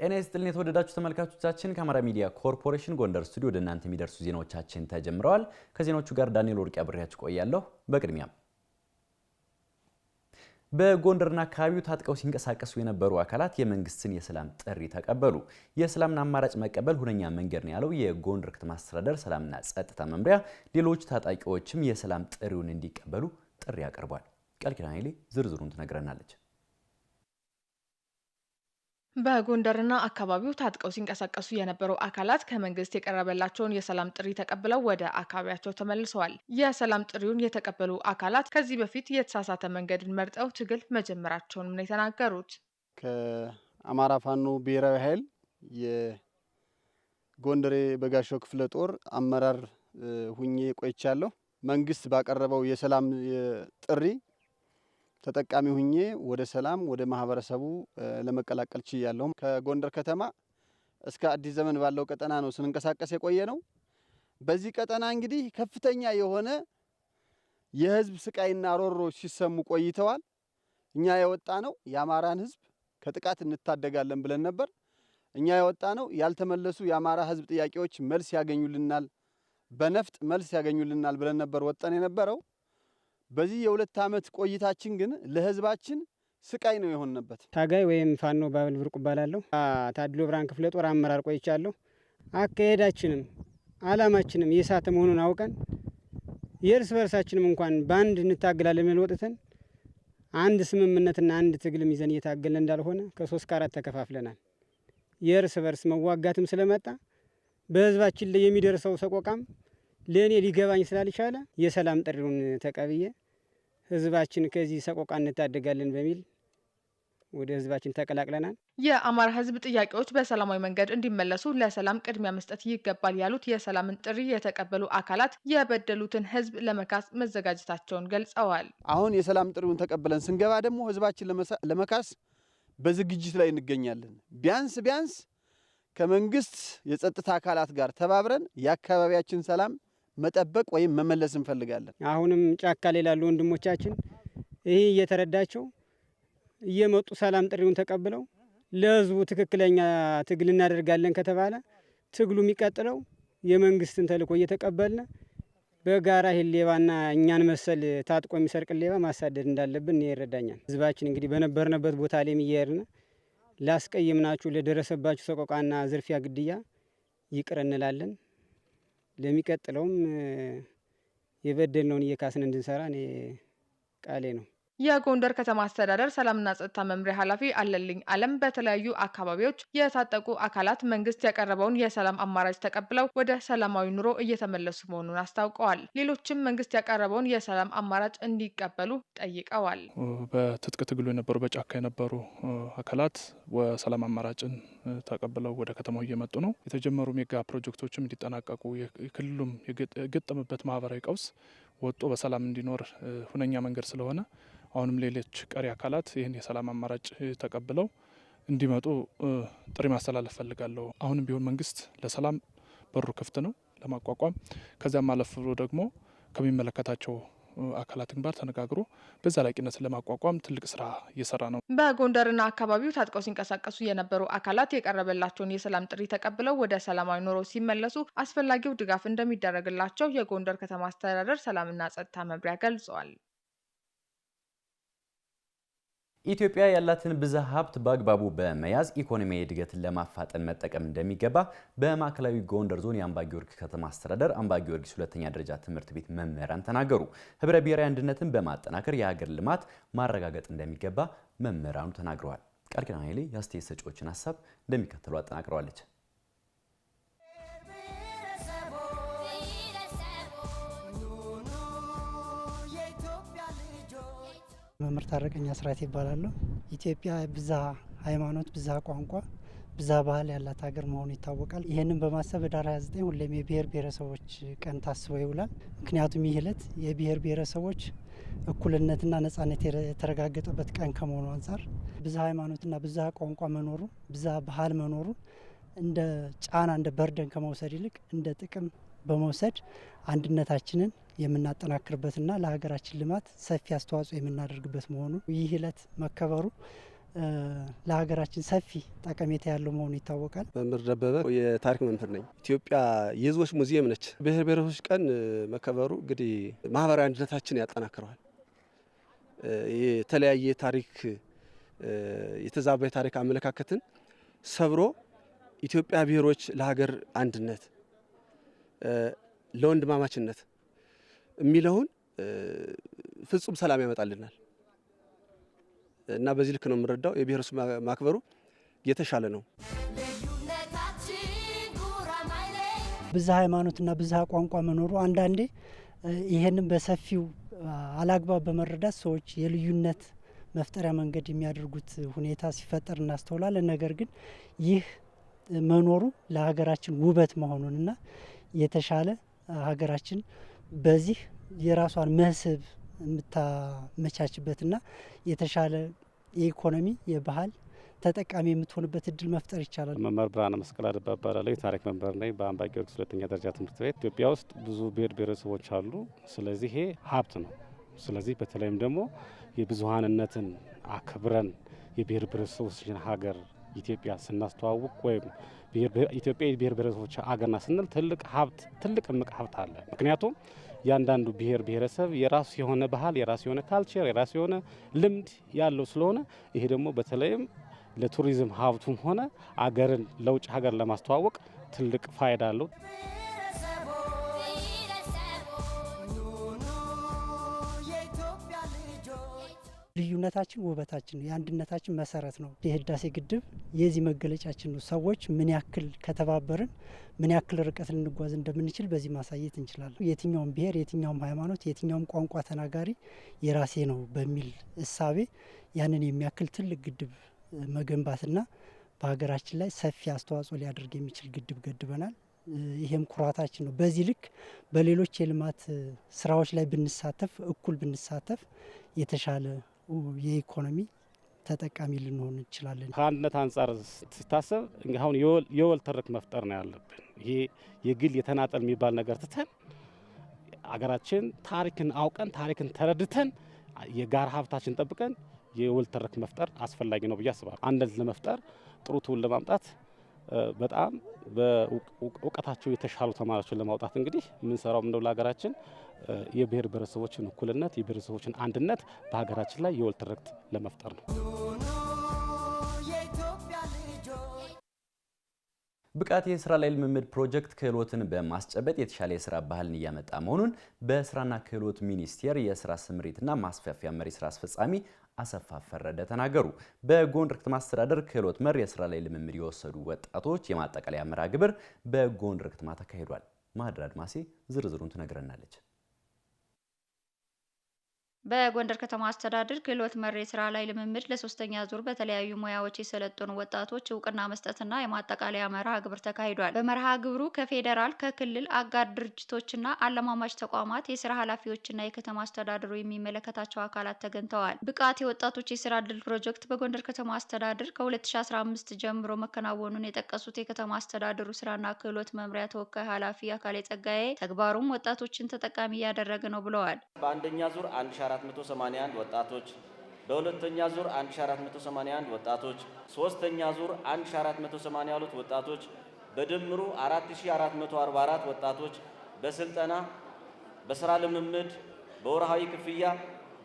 ጤና ይስጥልን የተወደዳችሁ ተመልካቾቻችን፣ ከአማራ ሚዲያ ኮርፖሬሽን ጎንደር ስቱዲዮ ወደ እናንተ የሚደርሱ ዜናዎቻችን ተጀምረዋል። ከዜናዎቹ ጋር ዳንኤል ወርቅ አብሬያችሁ ቆያለሁ። በቅድሚያም በጎንደርና አካባቢው ታጥቀው ሲንቀሳቀሱ የነበሩ አካላት የመንግስትን የሰላም ጥሪ ተቀበሉ። የሰላምን አማራጭ መቀበል ሁነኛ መንገድ ነው ያለው የጎንደር ከተማ አስተዳደር ሰላምና ጸጥታ መምሪያ ሌሎች ታጣቂዎችም የሰላም ጥሪውን እንዲቀበሉ ጥሪ አቅርቧል። ቃል ኪዳን ኃይሌ ዝርዝሩን ትነግረናለች። በጎንደርና አካባቢው ታጥቀው ሲንቀሳቀሱ የነበሩ አካላት ከመንግስት የቀረበላቸውን የሰላም ጥሪ ተቀብለው ወደ አካባቢያቸው ተመልሰዋል። የሰላም ጥሪውን የተቀበሉ አካላት ከዚህ በፊት የተሳሳተ መንገድን መርጠው ትግል መጀመራቸውንም ነው የተናገሩት። ከአማራ ፋኖ ብሔራዊ ኃይል የጎንደሬ በጋሻው ክፍለ ጦር አመራር ሁኜ ቆይቻለሁ። መንግስት ባቀረበው የሰላም ጥሪ ተጠቃሚ ሁኜ ወደ ሰላም ወደ ማህበረሰቡ ለመቀላቀል ችያለሁም። ከጎንደር ከተማ እስከ አዲስ ዘመን ባለው ቀጠና ነው ስንንቀሳቀስ የቆየ ነው። በዚህ ቀጠና እንግዲህ ከፍተኛ የሆነ የህዝብ ስቃይና ሮሮ ሲሰሙ ቆይተዋል። እኛ የወጣ ነው የአማራን ህዝብ ከጥቃት እንታደጋለን ብለን ነበር። እኛ የወጣ ነው ያልተመለሱ የአማራ ህዝብ ጥያቄዎች መልስ ያገኙልናል፣ በነፍጥ መልስ ያገኙልናል ብለን ነበር ወጠን የነበረው። በዚህ የሁለት ዓመት ቆይታችን ግን ለህዝባችን ስቃይ ነው የሆንንበት። ታጋይ ወይም ፋኖ ባብል ብርቁ እባላለሁ። ታድሎ ብርሃን ክፍለ ጦር አመራር ቆይቻለሁ። አካሄዳችንም አላማችንም የሳተ መሆኑን አውቀን የእርስ በርሳችንም እንኳን በአንድ እንታግላለን የሚል ወጥተን አንድ ስምምነትና አንድ ትግልም ይዘን እየታገልን እንዳልሆነ ከሶስት ከአራት ተከፋፍለናል። የእርስ በርስ መዋጋትም ስለመጣ በህዝባችን ላይ የሚደርሰው ሰቆቃም ለእኔ ሊገባኝ ስላልቻለ የሰላም ጥሪውን ተቀብዬ ህዝባችን ከዚህ ሰቆቃ እንታደጋለን በሚል ወደ ህዝባችን ተቀላቅለናል። የአማራ ህዝብ ጥያቄዎች በሰላማዊ መንገድ እንዲመለሱ ለሰላም ቅድሚያ መስጠት ይገባል ያሉት የሰላምን ጥሪ የተቀበሉ አካላት የበደሉትን ህዝብ ለመካስ መዘጋጀታቸውን ገልጸዋል። አሁን የሰላም ጥሪውን ተቀብለን ስንገባ ደግሞ ህዝባችን ለመካስ በዝግጅት ላይ እንገኛለን። ቢያንስ ቢያንስ ከመንግስት የጸጥታ አካላት ጋር ተባብረን የአካባቢያችን ሰላም መጠበቅ ወይም መመለስ እንፈልጋለን። አሁንም ጫካ ላይ ላሉ ወንድሞቻችን ይህ እየተረዳቸው እየመጡ ሰላም ጥሪውን ተቀብለው ለህዝቡ ትክክለኛ ትግል እናደርጋለን ከተባለ ትግሉ የሚቀጥለው የመንግስትን ተልኮ እየተቀበልን በጋራ ይህን ሌባና እኛን መሰል ታጥቆ የሚሰርቅን ሌባ ማሳደድ እንዳለብን ይረዳኛል። ህዝባችን እንግዲህ በነበርንበት ቦታ ላይ የሚያየርነ ላስቀይምናችሁ፣ ለደረሰባችሁ ሰቆቃና ዝርፊያ፣ ግድያ ይቅር እንላለን። ለሚቀጥለውም የበደልነውን እየካስን እንድንሰራ እኔ ቃሌ ነው። የጎንደር ከተማ አስተዳደር ሰላምና ጸጥታ መምሪያ ኃላፊ አለልኝ አለም በተለያዩ አካባቢዎች የታጠቁ አካላት መንግስት ያቀረበውን የሰላም አማራጭ ተቀብለው ወደ ሰላማዊ ኑሮ እየተመለሱ መሆኑን አስታውቀዋል። ሌሎችም መንግስት ያቀረበውን የሰላም አማራጭ እንዲቀበሉ ጠይቀዋል። በትጥቅ ትግሉ የነበሩ በጫካ የነበሩ አካላት ሰላም አማራጭን ተቀብለው ወደ ከተማው እየመጡ ነው። የተጀመሩ ሜጋ ፕሮጀክቶችም እንዲጠናቀቁ የክልሉም የገጠመበት ማህበራዊ ቀውስ ወጦ በሰላም እንዲኖር ሁነኛ መንገድ ስለሆነ አሁንም ሌሎች ቀሪ አካላት ይህን የሰላም አማራጭ ተቀብለው እንዲመጡ ጥሪ ማስተላለፍ ፈልጋለሁ። አሁንም ቢሆን መንግስት ለሰላም በሩ ክፍት ነው ለማቋቋም ከዚያም አለፍ ብሎ ደግሞ ከሚመለከታቸው አካላትን ጋር ተነጋግሮ በዘላቂነት ለማቋቋም ትልቅ ስራ እየሰራ ነው። በጎንደርና አካባቢው ታጥቀው ሲንቀሳቀሱ የነበሩ አካላት የቀረበላቸውን የሰላም ጥሪ ተቀብለው ወደ ሰላማዊ ኑሮ ሲመለሱ አስፈላጊው ድጋፍ እንደሚደረግላቸው የጎንደር ከተማ አስተዳደር ሰላምና ጸጥታ መምሪያ ገልጸዋል። ኢትዮጵያ ያላትን ብዝሃ ሀብት በአግባቡ በመያዝ ኢኮኖሚያዊ እድገትን ለማፋጠን መጠቀም እንደሚገባ በማዕከላዊ ጎንደር ዞን የአምባ ጊዮርጊስ ከተማ አስተዳደር አምባ ጊዮርጊስ ሁለተኛ ደረጃ ትምህርት ቤት መምህራን ተናገሩ። ህብረ ብሔራዊ አንድነትን በማጠናከር የሀገር ልማት ማረጋገጥ እንደሚገባ መምህራኑ ተናግረዋል። ቃል ኃይሌ የአስተያየት ሰጪዎችን ሀሳብ እንደሚከተሉ አጠናቅረዋለች። መምህር ታረቀኝ አስራት ይባላለሁ። ኢትዮጵያ ብዛ ሃይማኖት፣ ብዛ ቋንቋ፣ ብዛ ባህል ያላት ሀገር መሆኑ ይታወቃል። ይህንን በማሰብ ህዳር 29 ሁሌም የብሔር ብሔረሰቦች ቀን ታስበው ይውላል። ምክንያቱም ይህ ዕለት የብሔር ብሔረሰቦች እኩልነትና ነጻነት የተረጋገጠበት ቀን ከመሆኑ አንጻር ብዛ ሃይማኖትና ብዛ ቋንቋ መኖሩ፣ ብዛ ባህል መኖሩ እንደ ጫና እንደ በርደን ከመውሰድ ይልቅ እንደ ጥቅም በመውሰድ አንድነታችንን የምናጠናክርበትና ለሀገራችን ልማት ሰፊ አስተዋጽኦ የምናደርግበት መሆኑ ይህ እለት መከበሩ ለሀገራችን ሰፊ ጠቀሜታ ያለው መሆኑ ይታወቃል። መምህር ደበበ የታሪክ መምህር ነኝ። ኢትዮጵያ የህዝቦች ሙዚየም ነች። ብሔር ብሔረሰቦች ቀን መከበሩ እንግዲህ ማህበራዊ አንድነታችን ያጠናክረዋል። የተለያየ ታሪክ የተዛባ የታሪክ አመለካከትን ሰብሮ ኢትዮጵያ ብሔሮች ለሀገር አንድነት ለወንድማማችነት የሚለውን ፍጹም ሰላም ያመጣልናል እና በዚህ ልክ ነው የምንረዳው። የብሔር እሱ ማክበሩ የተሻለ ነው። ብዝሃ ሃይማኖትና ብዝሃ ቋንቋ መኖሩ አንዳንዴ ይሄንም በሰፊው አላግባብ በመረዳት ሰዎች የልዩነት መፍጠሪያ መንገድ የሚያደርጉት ሁኔታ ሲፈጠር እናስተውላለን። ነገር ግን ይህ መኖሩ ለሀገራችን ውበት መሆኑንና የተሻለ ሀገራችን በዚህ የራሷን መስህብ የምታመቻችበትና የተሻለ የኢኮኖሚ የባህል ተጠቃሚ የምትሆንበት እድል መፍጠር ይቻላል። መምህር ብርሃነ መስቀል አደባ እባላለሁ። የታሪክ መምህር ነኝ በአምባ ጊዮርጊስ ሁለተኛ ደረጃ ትምህርት ቤት። ኢትዮጵያ ውስጥ ብዙ ብሔር ብሔረሰቦች አሉ። ስለዚህ ይሄ ሀብት ነው። ስለዚህ በተለይም ደግሞ የብዙሀንነትን አክብረን የብሔር ብሔረሰቦችን ሀገር ኢትዮጵያ ስናስተዋውቅ ወይም ኢትዮጵያ የብሔር ብሔረሰቦች አገርና ስንል ትልቅ ሀብት ትልቅ እምቅ ሀብት አለ። ምክንያቱም እያንዳንዱ ብሔር ብሔረሰብ የራሱ የሆነ ባህል፣ የራሱ የሆነ ካልቸር፣ የራሱ የሆነ ልምድ ያለው ስለሆነ ይሄ ደግሞ በተለይም ለቱሪዝም ሀብቱም ሆነ አገርን ለውጭ ሀገር ለማስተዋወቅ ትልቅ ፋይዳ አለው። ልዩነታችን ውበታችን የአንድነታችን መሰረት ነው። የህዳሴ ግድብ የዚህ መገለጫችን ነው። ሰዎች ምን ያክል ከተባበርን ምን ያክል ርቀት ልንጓዝ እንደምንችል በዚህ ማሳየት እንችላለን። የትኛውም ብሔር፣ የትኛውም ሃይማኖት፣ የትኛውም ቋንቋ ተናጋሪ የራሴ ነው በሚል እሳቤ ያንን የሚያክል ትልቅ ግድብ መገንባትና በሀገራችን ላይ ሰፊ አስተዋጽኦ ሊያደርግ የሚችል ግድብ ገድበናል። ይሄም ኩራታችን ነው። በዚህ ልክ በሌሎች የልማት ስራዎች ላይ ብንሳተፍ እኩል ብንሳተፍ የተሻለ የኢኮኖሚ ተጠቃሚ ልንሆን እንችላለን። ከአንድነት አንጻር ሲታሰብ አሁን የወል ትርክ መፍጠር ነው ያለብን። ይሄ የግል የተናጠል የሚባል ነገር ትተን አገራችን ታሪክን አውቀን ታሪክን ተረድተን የጋራ ሀብታችን ጠብቀን የወል ትርክ መፍጠር አስፈላጊ ነው ብዬ አስባለሁ። አንድነት ለመፍጠር ጥሩ ትውል ለማምጣት በጣም በእውቀታቸው የተሻሉ ተማሪዎችን ለማውጣት እንግዲህ የምንሰራው እንደው ለሀገራችን የብሔር ብሔረሰቦችን እኩልነት፣ የብሔረሰቦችን አንድነት በሀገራችን ላይ የወል ትርክት ለመፍጠር ነው። ብቃት የስራ ላይ ልምምድ ፕሮጀክት ክህሎትን በማስጨበጥ የተሻለ የስራ ባህልን እያመጣ መሆኑን በስራና ክህሎት ሚኒስቴር የስራ ስምሪትና ማስፋፊያ መሪ ስራ አስፈጻሚ አሰፋ ፈረደ ተናገሩ። በጎንደር ከተማ አስተዳደር ክህሎት መር የስራ ላይ ልምምድ የወሰዱ ወጣቶች የማጠቃለያ መርሃ ግብር በጎንደር ከተማ ተካሂዷል። ማድራድ ማሴ ዝርዝሩን ትነግረናለች። በጎንደር ከተማ አስተዳደር ክህሎት መሪ ሥራ ላይ ልምምድ ለሶስተኛ ዙር በተለያዩ ሙያዎች የሰለጠኑ ወጣቶች እውቅና መስጠትና የማጠቃለያ መርሃ ግብር ተካሂዷል። በመርሃ ግብሩ ከፌዴራል፣ ከክልል አጋር ድርጅቶችና አለማማች ተቋማት የስራ ኃላፊዎችና የከተማ አስተዳደሩ የሚመለከታቸው አካላት ተገኝተዋል። ብቃት የወጣቶች የስራ እድል ፕሮጀክት በጎንደር ከተማ አስተዳደር ከ2015 ጀምሮ መከናወኑን የጠቀሱት የከተማ አስተዳደሩ ስራና ክህሎት መምሪያ ተወካይ ኃላፊ አካሌ ጸጋዬ ተግባሩም ወጣቶችን ተጠቃሚ እያደረገ ነው ብለዋል። በአንደኛ ዙር 1481 ወጣቶች፣ በሁለተኛ ዙር 1481 ወጣቶች፣ ሶስተኛ ዙር 1482 ወጣቶች፣ በድምሩ 4444 ወጣቶች በስልጠና በስራ ልምምድ በወርሃዊ ክፍያ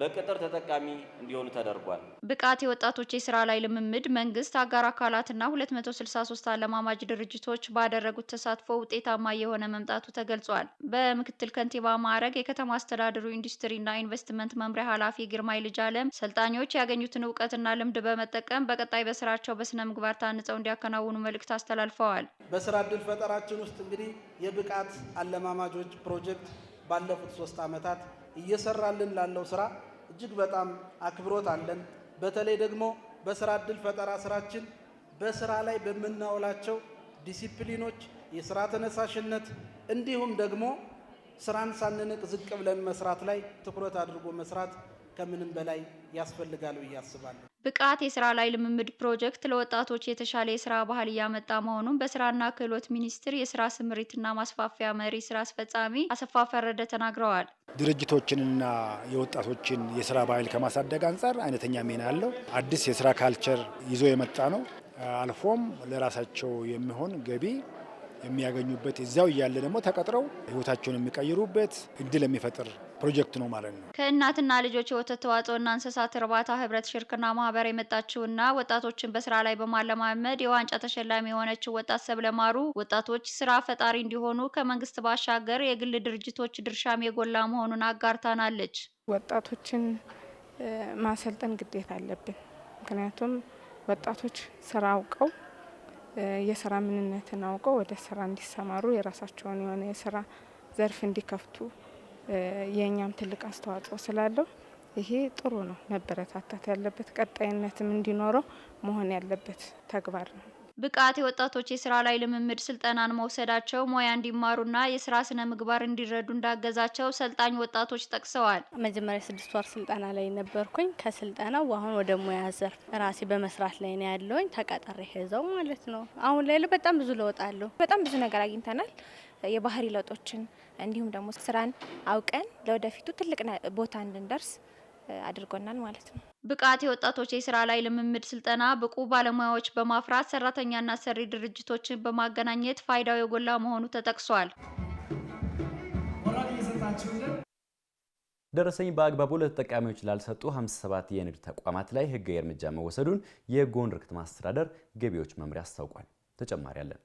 በቅጥር ተጠቃሚ እንዲሆኑ ተደርጓል። ብቃት የወጣቶች የስራ ላይ ልምምድ መንግስት፣ አጋር አካላትና 263 አለማማጅ ድርጅቶች ባደረጉት ተሳትፎ ውጤታማ የሆነ መምጣቱ ተገልጿል። በምክትል ከንቲባ ማዕረግ የከተማ አስተዳደሩ ኢንዱስትሪና ኢንቨስትመንት መምሪያ ኃላፊ ግርማይ ልጅ አለም ሰልጣኞች ያገኙትን እውቀትና ልምድ በመጠቀም በቀጣይ በስራቸው በስነ ምግባር ታንጸው እንዲያከናውኑ መልእክት አስተላልፈዋል። በስራ እድል ፈጠራችን ውስጥ እንግዲህ የብቃት አለማማጆች ፕሮጀክት ባለፉት ሶስት ዓመታት እየሰራልን ላለው ስራ እጅግ በጣም አክብሮት አለን። በተለይ ደግሞ በስራ እድል ፈጠራ ስራችን በስራ ላይ በምናውላቸው ዲሲፕሊኖች የስራ ተነሳሽነት እንዲሁም ደግሞ ስራን ሳንንቅ ዝቅ ብለን መስራት ላይ ትኩረት አድርጎ መስራት ከምንም በላይ ያስፈልጋል ብዬ አስባለሁ። ብቃት የስራ ላይ ልምምድ ፕሮጀክት ለወጣቶች የተሻለ የስራ ባህል እያመጣ መሆኑን በስራና ክህሎት ሚኒስቴር የስራ ስምሪትና ማስፋፊያ መሪ ስራ አስፈጻሚ አሰፋ ፈረደ ተናግረዋል። ድርጅቶችንና የወጣቶችን የስራ ባህል ከማሳደግ አንጻር አይነተኛ ሚና አለው። አዲስ የስራ ካልቸር ይዞ የመጣ ነው። አልፎም ለራሳቸው የሚሆን ገቢ የሚያገኙበት እዚያው እያለ ደግሞ ተቀጥረው ህይወታቸውን የሚቀይሩበት እድል የሚፈጥር ፕሮጀክት ነው ማለት ነው። ከእናትና ልጆች የወተት ተዋጽኦና እንስሳት እርባታ ህብረት ሽርክና ማህበር የመጣችውና ወጣቶችን በስራ ላይ በማለማመድ የዋንጫ ተሸላሚ የሆነችው ወጣት ሰብለማሩ ወጣቶች ስራ ፈጣሪ እንዲሆኑ ከመንግስት ባሻገር የግል ድርጅቶች ድርሻም የጎላ መሆኑን አጋርታናለች። ወጣቶችን ማሰልጠን ግዴታ አለብን። ምክንያቱም ወጣቶች ስራ አውቀው የስራ ምንነትን አውቀው ወደ ስራ እንዲሰማሩ የራሳቸውን የሆነ የስራ ዘርፍ እንዲከፍቱ የእኛም ትልቅ አስተዋጽኦ ስላለው ይሄ ጥሩ ነው፣ መበረታታት ያለበት ቀጣይነትም እንዲኖረው መሆን ያለበት ተግባር ነው። ብቃት የወጣቶች የስራ ላይ ልምምድ ስልጠናን መውሰዳቸው ሙያ እንዲማሩና የስራ ስነ ምግባር እንዲረዱ እንዳገዛቸው ሰልጣኝ ወጣቶች ጠቅሰዋል። መጀመሪያ ስድስት ወር ስልጠና ላይ ነበርኩኝ። ከስልጠናው አሁን ወደ ሙያ ዘርፍ ራሴ በመስራት ላይ ነው ያለውኝ። ተቀጠሬ ሄዘው ማለት ነው። አሁን ላይ በጣም ብዙ ለውጥ አለው። በጣም ብዙ ነገር አግኝተናል። የባህሪ ለውጦችን እንዲሁም ደግሞ ስራን አውቀን ለወደፊቱ ትልቅ ቦታ እንድንደርስ አድርጎናል ማለት ነው። ብቃት የወጣቶች የስራ ላይ ልምምድ ስልጠና ብቁ ባለሙያዎች በማፍራት ሰራተኛና ሰሪ ድርጅቶችን በማገናኘት ፋይዳው የጎላ መሆኑ ተጠቅሷል። ደረሰኝ በአግባቡ ለተጠቃሚዎች ላልሰጡ 57 የንግድ ተቋማት ላይ ህጋዊ እርምጃ መወሰዱን የጎንደር ከተማ አስተዳደር ገቢዎች መምሪያ አስታውቋል። ተጨማሪ አለን።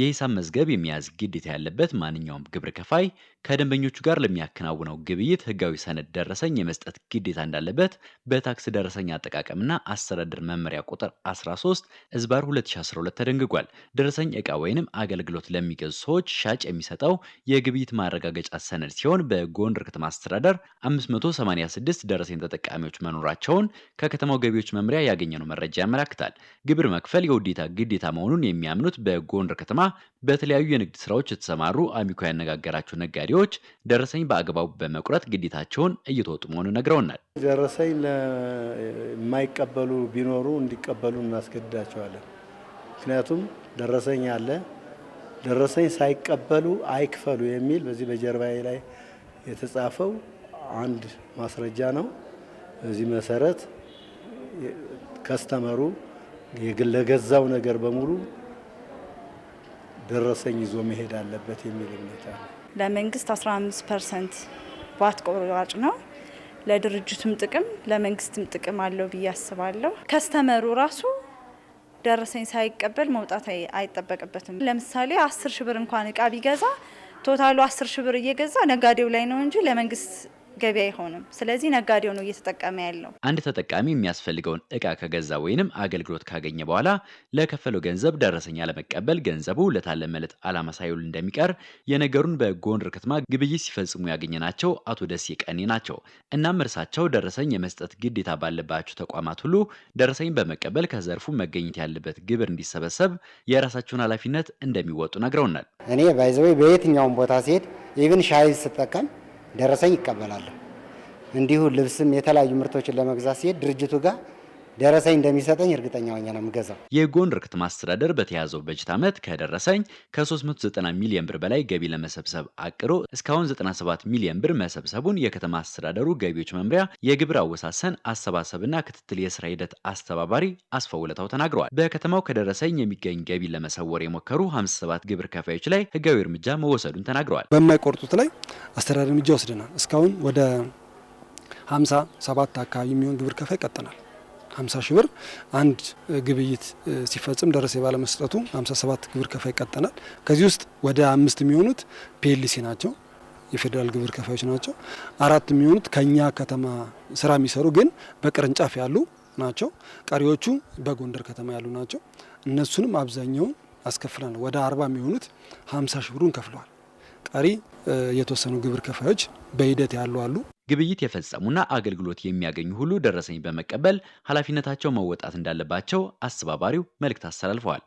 የሂሳብ መዝገብ የሚያዝ ግዴታ ያለበት ማንኛውም ግብር ከፋይ ከደንበኞቹ ጋር ለሚያከናውነው ግብይት ህጋዊ ሰነድ ደረሰኝ የመስጠት ግዴታ እንዳለበት በታክስ ደረሰኝ አጠቃቀምና አስተዳደር መመሪያ ቁጥር 13 እዝባር 2012 ተደንግጓል። ደረሰኝ ዕቃ ወይንም አገልግሎት ለሚገዙ ሰዎች ሻጭ የሚሰጠው የግብይት ማረጋገጫ ሰነድ ሲሆን በጎንደር ከተማ አስተዳደር 586 ደረሰኝ ተጠቃሚዎች መኖራቸውን ከከተማው ገቢዎች መምሪያ ያገኘነው መረጃ ያመላክታል። ግብር መክፈል የውዴታ ግዴታ መሆኑን የሚያምኑት በጎንደር ከተማ በተለያዩ የንግድ ስራዎች የተሰማሩ አሚኮ ያነጋገራቸው ነጋዴዎች ደረሰኝ በአግባቡ በመቁረጥ ግዴታቸውን እየተወጡ መሆኑን ነግረውናል። ደረሰኝ የማይቀበሉ ቢኖሩ እንዲቀበሉ እናስገድዳቸዋለን። ምክንያቱም ደረሰኝ አለ። ደረሰኝ ሳይቀበሉ አይክፈሉ የሚል በዚህ በጀርባዬ ላይ የተጻፈው አንድ ማስረጃ ነው። በዚህ መሰረት ከስተመሩ ለገዛው ነገር በሙሉ ደረሰኝ ይዞ መሄድ አለበት የሚል እምነት አለ። ለመንግስት 15 ፐርሰንት ቫት ቆራጭ ነው። ለድርጅቱም ጥቅም ለመንግስትም ጥቅም አለው ብዬ አስባለሁ። ከስተመሩ ራሱ ደረሰኝ ሳይቀበል መውጣት አይጠበቅበትም። ለምሳሌ አስር ሺ ብር እንኳን እቃ ቢገዛ ቶታሉ አስር ሺ ብር እየገዛ ነጋዴው ላይ ነው እንጂ ለመንግስት ገበያ አይሆንም። ስለዚህ ነጋዴው ነው እየተጠቀመ ያለው። አንድ ተጠቃሚ የሚያስፈልገውን እቃ ከገዛ ወይንም አገልግሎት ካገኘ በኋላ ለከፈለው ገንዘብ ደረሰኛ ለመቀበል ገንዘቡ ለታለመለት ዓላማ ሳይውል እንደሚቀር የነገሩን በጎንደር ከተማ ግብይት ሲፈጽሙ ያገኘናቸው አቶ ደሴ ቀኔ ናቸው። እናም እርሳቸው ደረሰኝ የመስጠት ግዴታ ባለባቸው ተቋማት ሁሉ ደረሰኝ በመቀበል ከዘርፉ መገኘት ያለበት ግብር እንዲሰበሰብ የራሳቸውን ኃላፊነት እንደሚወጡ ነግረውናል። እኔ ባይዘዌ በየትኛውም ቦታ ሲሄድ ኢቭን ሻይ ስጠቀም ደረሰኝ ይቀበላለሁ። እንዲሁ ልብስም የተለያዩ ምርቶችን ለመግዛት ሲሄድ ድርጅቱ ጋር ደረሰኝ እንደሚሰጠኝ እርግጠኛ ሆኜ ነው የምገዛው። የጎንደር ከተማ አስተዳደር በተያዘው በጀት ዓመት ከደረሰኝ ከ390 ሚሊዮን ብር በላይ ገቢ ለመሰብሰብ አቅዶ እስካሁን 97 ሚሊዮን ብር መሰብሰቡን የከተማ አስተዳደሩ ገቢዎች መምሪያ የግብር አወሳሰን አሰባሰብና ክትትል የስራ ሂደት አስተባባሪ አስፈውለታው ተናግረዋል። በከተማው ከደረሰኝ የሚገኝ ገቢ ለመሰወር የሞከሩ 57 ግብር ከፋዮች ላይ ህጋዊ እርምጃ መወሰዱን ተናግረዋል። በማይቆርጡት ላይ አስተዳደር እርምጃ ወስደናል። እስካሁን ወደ 57 አካባቢ የሚሆን ግብር ከፋይ ቀጥናል። 50 ሺህ ብር አንድ ግብይት ሲፈጽም ደረሰ ባለመስጠቱ 57 ግብር ከፋይ ይቀጠናል። ከዚህ ውስጥ ወደ አምስት የሚሆኑት ፒኤልሲ ናቸው፣ የፌዴራል ግብር ከፋዮች ናቸው። አራት የሚሆኑት ከኛ ከተማ ስራ የሚሰሩ ግን በቅርንጫፍ ያሉ ናቸው። ቀሪዎቹ በጎንደር ከተማ ያሉ ናቸው። እነሱንም አብዛኛውን አስከፍለናል። ወደ አርባ የሚሆኑት 50 ሺህ ብሩን ከፍለዋል። ቀሪ የተወሰኑ ግብር ከፋዮች በሂደት ያሉ አሉ። ግብይት የፈጸሙና አገልግሎት የሚያገኙ ሁሉ ደረሰኝ በመቀበል ኃላፊነታቸው መወጣት እንዳለባቸው አስተባባሪው መልእክት አስተላልፈዋል።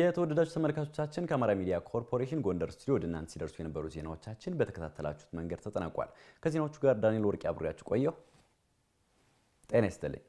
የተወደዳችሁ ተመልካቾቻችን ከአማራ ሚዲያ ኮርፖሬሽን ጎንደር ስቱዲዮ ወደ እናንተ ሲደርሱ የነበሩ ዜናዎቻችን በተከታተላችሁት መንገድ ተጠናቋል። ከዜናዎቹ ጋር ዳንኤል ወርቅ አብሬያችሁ ቆየሁ። ጤና ይስጥልኝ።